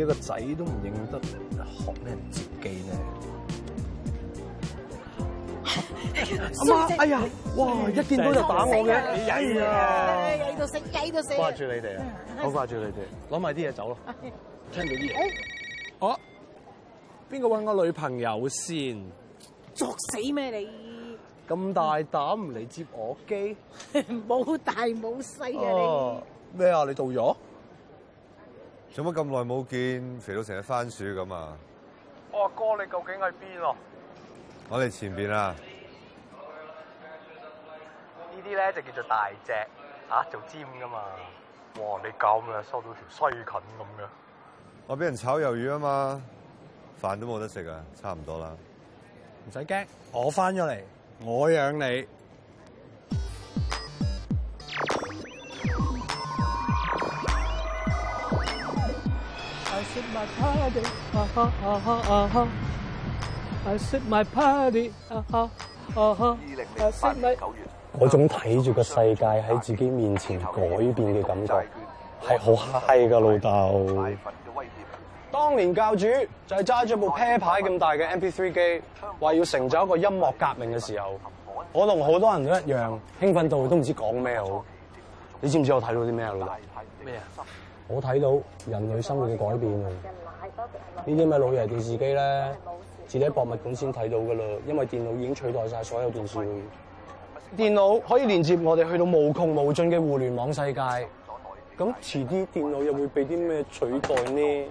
一個仔都唔認得，學咩接機呢？阿、啊、媽，哎呀，哇！一見到就打我嘅，哎呀，喺度食雞喺度食，掛住你哋啊，好掛住你哋，攞埋啲嘢走咯，聽到啲嘢，我邊個搵我女朋友先？作死咩你？咁大膽唔嚟接我機，冇大冇細嘅你？咩啊，啊？你到、啊、咗？做乜咁耐冇見？肥到成隻番薯咁啊！我話哥你究竟喺邊啊？我哋前邊啊，呢啲咧就叫做大隻啊，做尖噶嘛。哇！你搞咩，收到條西芹咁嘅？我俾人炒魷魚啊嘛，飯都冇得食啊，差唔多啦。唔使驚，我翻咗嚟，我養你。I sit my party，I my 二零零八年九月，嗰種睇住個世界喺自己面前改變嘅感覺是很的，係好嗨 i 㗎，老豆。當年教主就係揸住部啤牌咁大嘅 MP3 機，話要成就一個音樂革命嘅時候，我同好多人都一樣，興奮到都唔知講咩好。你知唔知我睇到啲咩啊，咩啊？我睇到人類生活嘅改變啊！呢啲咩老爺電視機咧？自己喺博物館先睇到噶啦，因為電腦已經取代晒所有電視。電腦可以連接我哋去到無窮無盡嘅互聯網世界。咁遲啲電腦又會俾啲咩取代呢？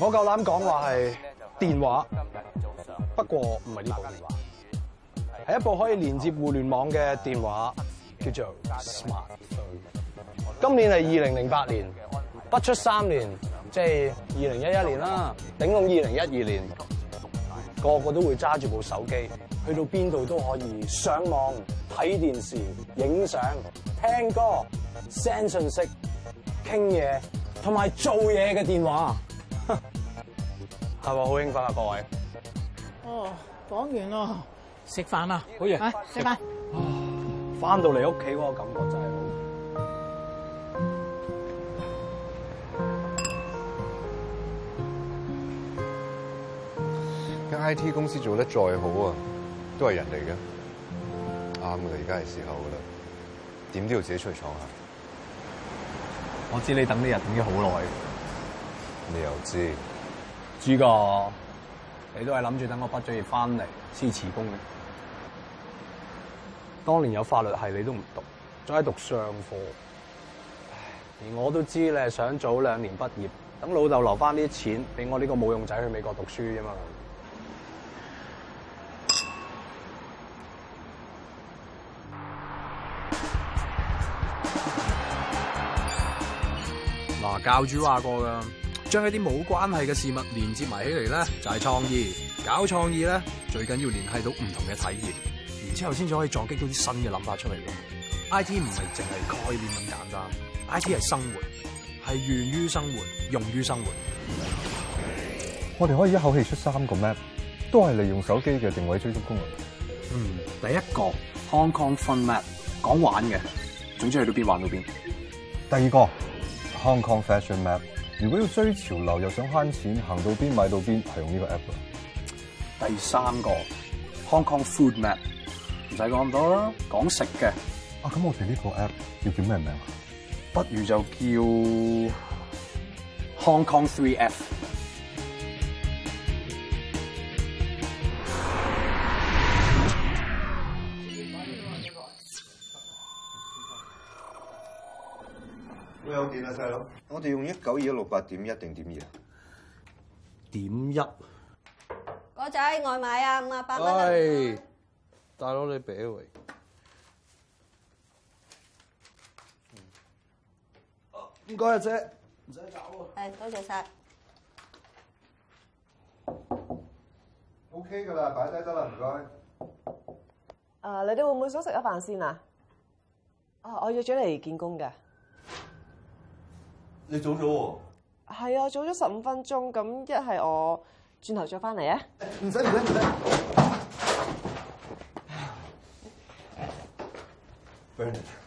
我夠膽講話係電話，不過唔係呢部電話。一部可以連接互聯網嘅電話，叫做 smart。今年係二零零八年，不出三年，即係二零一一年啦，頂籠二零一二年，個個都會揸住部手機，去到邊度都可以上網、睇電視、影相、聽歌、send 信息、傾嘢同埋做嘢嘅電話，係咪好興奮啊？各位，哦，oh，講完啦。食飯啦，好嘢！食飯。翻到嚟屋企嗰個感覺真係好。間 I T 公司做得再好啊，都係人嚟嘅。啱嘅，而家係時候啦。點都要自己出去闖下。我知你等呢日等咗好耐。你又知？主角，你都係諗住等我畢咗業翻嚟先辭工嘅。當年有法律系你都唔讀，再讀商科，連我都知你想早兩年畢業，等老豆留翻啲錢俾我呢個冇用仔去美國讀書啫嘛。嗱，教主話過噶，將一啲冇關係嘅事物連接埋起嚟咧，就係創意。搞創意咧，最緊要聯繫到唔同嘅體驗。之後先至可以撞擊到啲新嘅諗法出嚟。I T 唔係淨係概念咁簡單，I T 係生活，係源於生活，用於生活。我哋可以一口氣出三個 map，都係利用手機嘅定位追蹤功能。嗯，第一個 Hong Kong Fun Map 講玩嘅，總之去到邊玩到邊。第二個 Hong Kong Fashion Map，如果要追潮流又想慳錢，行到邊買到邊，係用呢個 app。第三個 Hong Kong Food Map。唔使講咁多啦，講食嘅。啊，咁我哋呢個 app 要叫咩名啊？不如就叫 Hong Kong 3F。會有電啊，細佬！我哋用一九二一六八點一定點二啊？點一。哥仔外賣啊，五啊八蚊。大佬你俾一位，唔該阿姐，唔使搞喎。係多謝晒，OK 噶啦，擺低得啦，唔該。啊，你哋會唔會想食一飯先啊？啊，uh，我約咗嚟見工嘅。你早咗喎？係啊，早咗十五分鐘。咁一係我轉頭再翻嚟啊。唔使唔使唔使。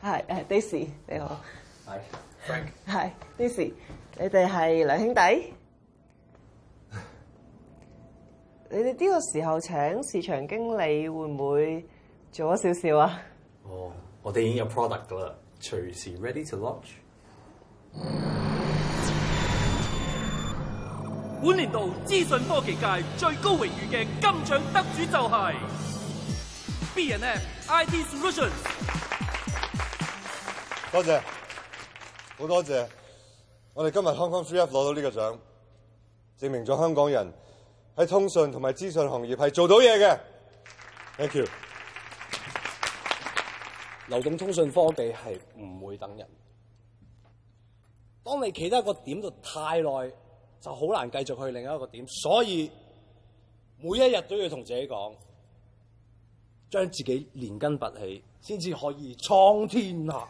Hi，誒 Daisy，你好。Hi，Frank。Hi，Daisy，你哋係兩兄弟？你哋呢個時候請市場經理會唔會做咗少少啊？哦，我哋已經有 product 噶啦，隨時 ready to launch。本年度資訊科技界最高榮譽嘅金獎得主就係 B and F IT Solutions。多謝，好多謝！我哋今日香港 FreeUp 攞到呢個獎，證明咗香港人喺通訊同埋資訊行業係做到嘢嘅。Thank you。流動通訊科技係唔會等人，當你企得一個點就太耐，就好難繼續去另一個點。所以每一日都要同自己講，將自己連根拔起，先至可以闖天下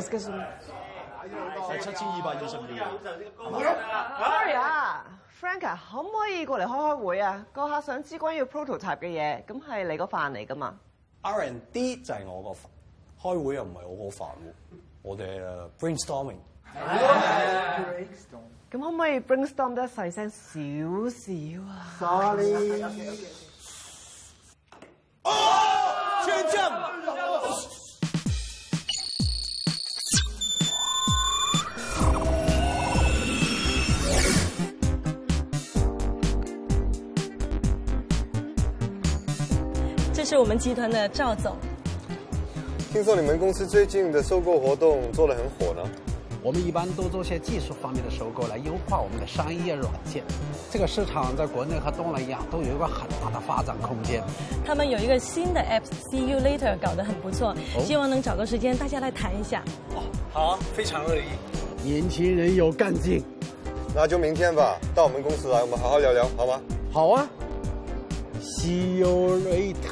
七千二百二十秒。Maria、Franka，可唔可以過嚟開開會啊？個客想知關於 prototype 嘅嘢，咁係你個範嚟㗎嘛？R&D 就係我個範，開會又唔係我個範。我哋係 brainstorming。咁可唔可以 brainstorm 得細聲少少啊？Sorry。是我們集團的趙總。聽說你們公司最近的收購活動做得很火呢。我們一般都做些技術方面的收購，來優化我們的商業軟件。嗯、這個市場在國內和東南亞都有一個很大的發展空間。他們有一個新的 app，See、哦、You Later，搞得很不錯，希望能找個時間大家來談一下。哦，好、啊，非常樂意。年輕人有幹勁，那就明天吧，到我們公司來，我們好好聊聊，好嗎？好啊。See You Later。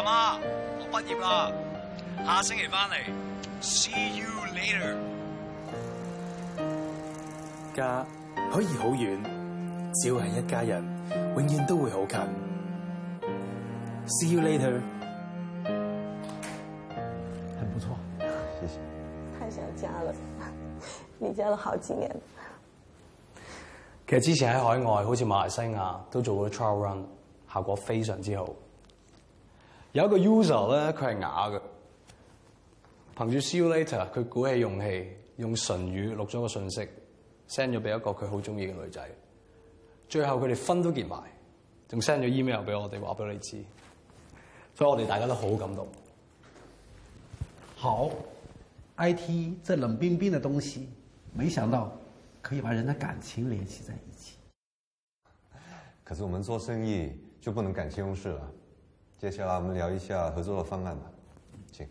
阿媽，媽，我畢業啦，下星期翻嚟。See you later。家可以好遠，只要係一家人，永遠都會好近。See you later。很不錯，謝謝。太想家了，離家都好幾年。其實之前喺海外，好似馬來西亞都做咗 trial run，效果非常之好。有一個 user 咧，佢係啞嘅，憑住 See You Later，佢鼓起勇氣，用唇語錄咗個信息，send 咗俾一個佢好中意嘅女仔，最後佢哋分都結埋，仲 send 咗 email 俾我哋，話俾你知，所以我哋大家都好感動。好，I T 這冷冰冰嘅東西，沒想到可以把人的感情連繫在一起。可是我們做生意就不能感情用事了。接下來我們聊一下合作的方案吧，請。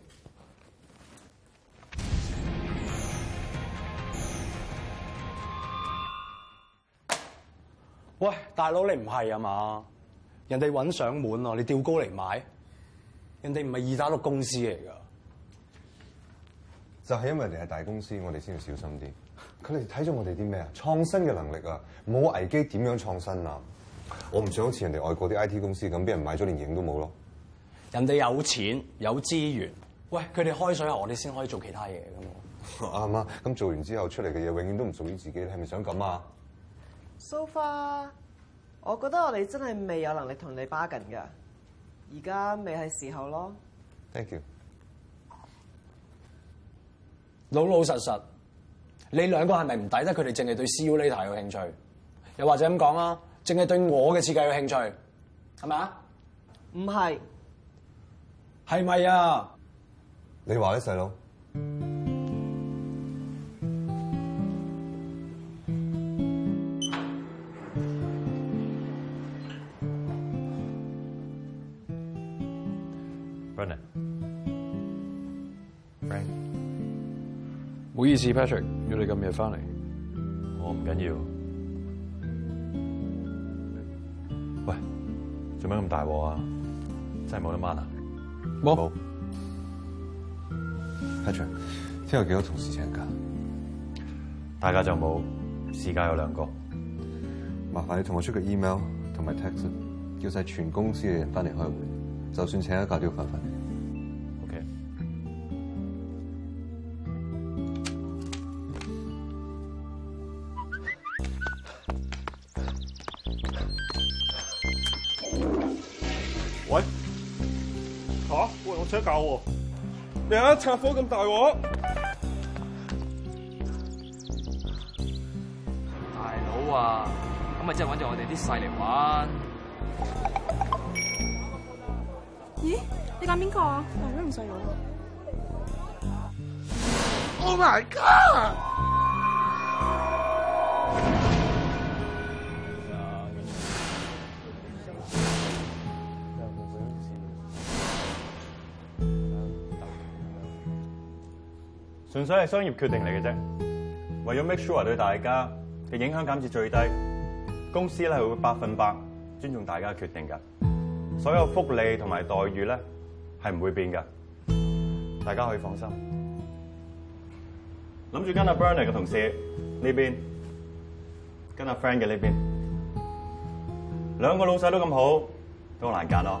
喂，大佬你唔係啊嘛？人哋搵上門哦、啊，你吊高嚟買，人哋唔係二打六公司嚟噶。就係因為你係大公司，我哋先要小心啲。佢哋睇中我哋啲咩啊？創新嘅能力啊？冇危機點樣創新啊、嗯？我唔想好似人哋外國啲 I T 公司咁，俾人買咗連影都冇咯人哋有錢有資源，喂，佢哋開水喉，我哋先可以做其他嘢嘅嘛？阿媽，咁做完之後出嚟嘅嘢，永遠都唔屬於自己，係咪想咁啊？So far，我覺得我哋真係未有能力同你 bargain 噶，而家未係時候咯。Thank you。老老實實，你兩個係咪唔抵得佢哋？淨係對 c u l a t 有興趣，又或者咁講啊？淨係對我嘅設計有興趣，係咪啊？唔係。係咪啊？你話嘅細佬，Brendan，Frank，唔好意思，Patrick，要你咁夜返嚟，我唔緊要。喂，做咩咁大鑊啊？真係冇得掹啊！冇，Patrick 聽日幾多同事請假？大家就冇，事假有兩個，麻煩你同我出個 email 同埋 text，叫晒全公司嘅人翻嚟開會，就算請一假都要翻翻嚟。夠喎、啊！你而家拆夥咁大鑊，大佬啊，咁咪即係搵住我哋啲細嚟玩？咦？你揀邊個啊？大佬唔細佬 Oh my god！ 純粹係商業決定嚟嘅啫，為咗 make sure 對大家嘅影響減至最低，公司咧係會百分百尊重大家嘅決定噶，所有福利同埋待遇咧係唔會變噶，大家可以放心。諗住跟阿 Bernie 嘅同事呢邊，跟阿 Frank 嘅呢邊，兩個老細都咁好，都好難揀咯。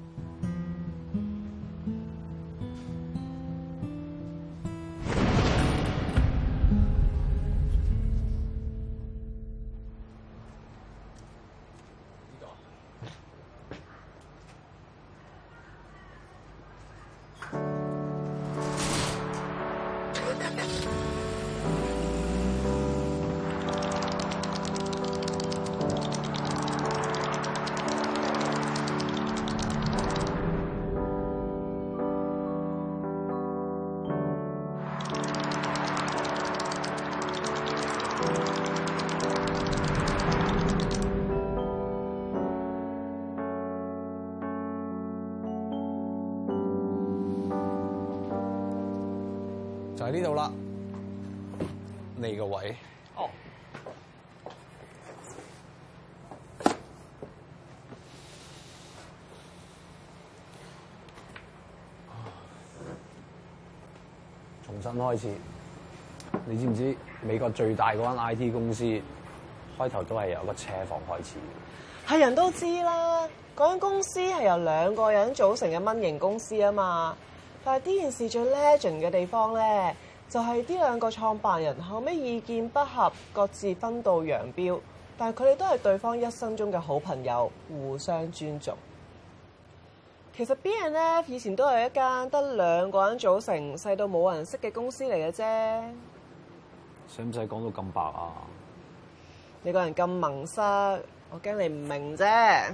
呢度啦，你個位。哦，重新開始。你知唔知美國最大嗰間 IT 公司開頭都係由個車房開始？係人都知啦，嗰間公司係由兩個人組成嘅蚊型公司啊嘛。但係呢件事最 legend 嘅地方咧，就係呢兩個創辦人後尾意見不合，各自分道揚鑣。但係佢哋都係對方一生中嘅好朋友，互相尊重。其實 B N F 以前都係一間得兩個人組成，細到冇人識嘅公司嚟嘅啫。使唔使講到咁白啊？你個人咁萌塞，我驚你唔明啫。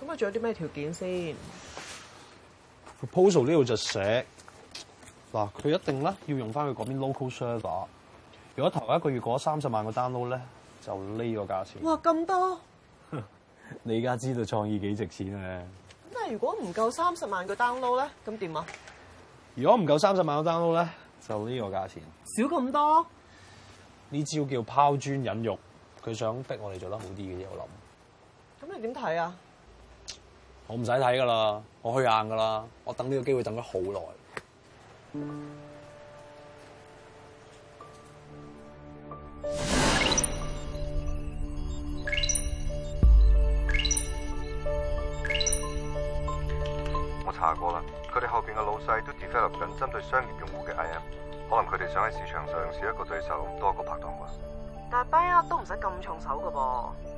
咁佢仲有啲咩條件先？Proposal 呢度就寫嗱，佢一定咧要用翻佢嗰邊 local server。如果頭一個月攞三十萬個 download 咧，就呢個價錢。哇！咁多？ 你而家知道創意幾值錢啊。咁但係如果唔夠三十萬個 download 咧，咁點啊？如果唔夠三十萬個 download 咧，就呢個價錢。少咁多？呢招叫拋磚引玉，佢想逼我哋做得好啲嘅。我諗，咁你點睇啊？我唔使睇噶啦，我去硬噶啦，我等呢個機會等咗好耐。我查過啦，佢哋後邊嘅老細都 develop 緊針對商業用戶嘅 IM，可能佢哋想喺市場上少一個對手，多一個拍檔啩。但係班鴨都唔使咁重手噶噃。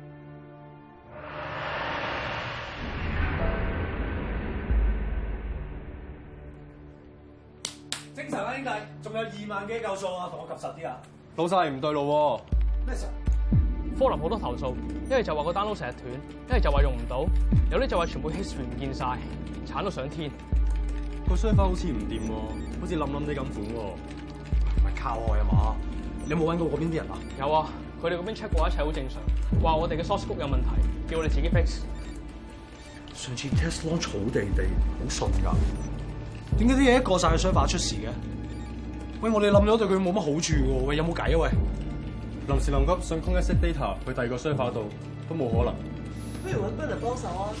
正常啦，兄弟，仲有二萬幾嚿數啊，同我及實啲啊！老細唔對路喎，咩事？科林好多投訴，一係就話個 download 成日斷，一係就話用唔到，有啲就話全部 history 唔見晒，鏟到上天。個商發好似唔掂喎，好似冧冧地咁款喎，唔係靠害啊嘛？你有冇揾過嗰邊啲人啊？有啊，佢哋嗰邊 check 過一切好正常，話我哋嘅 source code 有問題，叫我哋自己 fix。上次 test launch 好地地，好順噶。點解啲嘢一過晒嘅箱法出事嘅？喂，我哋冧咗對佢冇乜好處嘅。喂，有冇計啊？喂，臨時臨急想 congest data 去第二個箱化度，都冇可能。不如搵多人幫手啊！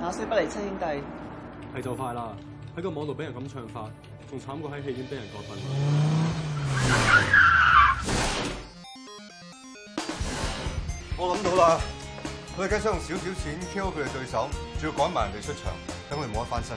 打死不離親兄弟係就快啦！喺個網度俾人咁唱法，仲慘過喺戲院俾人割分 我。我諗到啦，我哋梗想用少少錢 kill 佢嘅對手，仲要趕埋人哋出場，等佢冇得翻身。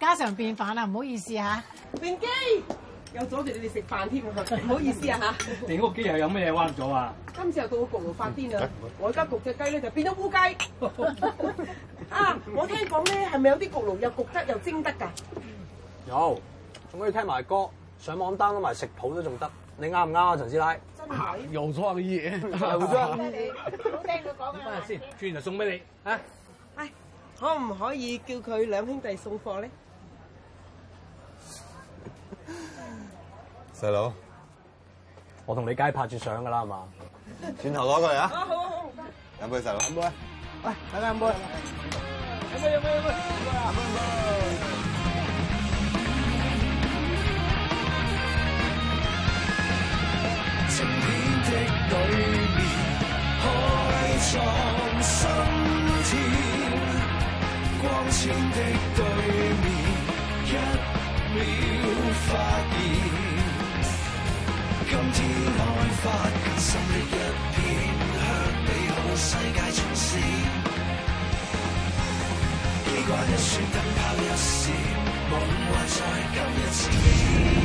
家常便飯啊，唔好意思吓、啊。永基，又阻住你哋食飯添，唔好意思啊吓。你屋企又有咩嘢彎咗啊？今次又到焗爐發癲啦！我而家焗隻雞咧就變咗烏雞。 啊，我聽講咧係咪有啲焗爐又焗得又蒸得噶？有，仲可以聽埋歌，上網 download 埋食譜都仲得。你啱唔啱啊，陳師奶？真係、啊、有創意，唔好聽佢講嘅。先，轉頭送俾你啊。係、哎，可唔可以叫佢兩兄弟送貨咧？細佬，我同你街拍住相，㗎啦，係咪？轉頭攞過嚟啊！好啊好啊，飲杯細佬，飲杯，喂，大家飲杯，飲杯，飲杯，飲杯，飲杯。世界重生，機關一轉，燈泡一閃，夢幻在今日成真。